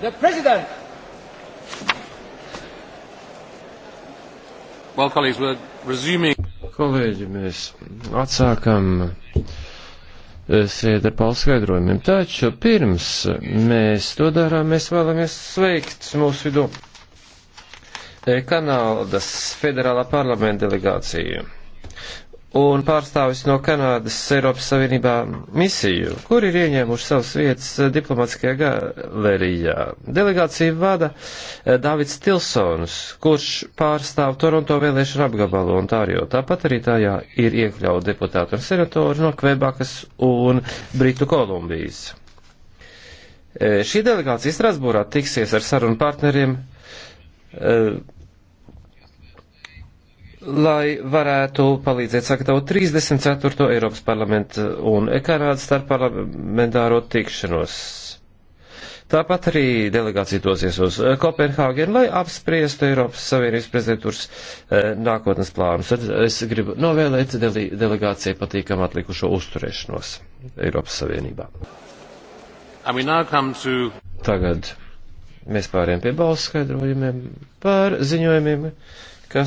The President. Well, colleagues, we're resuming. Kolēģi, mēs atsākam eh, sēdi ar palskaidrojumiem, taču pirms mēs to darām, mēs vēlamies sveikt mūsu vidū eh, Kanādas federālā parlamenta delegāciju un pārstāvis no Kanādas Eiropas Savienībā misiju, kur ir ieņēmuši savas vietas eh, diplomatiskajā galerijā. Delegāciju vada eh, Davids Tilsons, kurš pārstāv Toronto vēlēšanu apgabalu Ontārio. Tāpat arī tajā ir iekļaut deputātu un senatoru no Kvebakas un Britu Kolumbijas. Eh, šī delegācija Strasbūrā tiksies ar sarunu partneriem lai varētu palīdzēt sagatavot 34. Eiropas parlamenta un Ekarāda starpparlamentāro tikšanos. Tāpat arī delegācija dosies uz eh, Kopenhāgenu, lai apspriestu Eiropas Savienības prezidentūras eh, nākotnes plānus. Es gribu novēlēt dele delegācijai patīkam atlikušo uzturēšanos Eiropas Savienībā. To... Tagad mēs pāriem pie balss skaidrojumiem par ziņojumiem.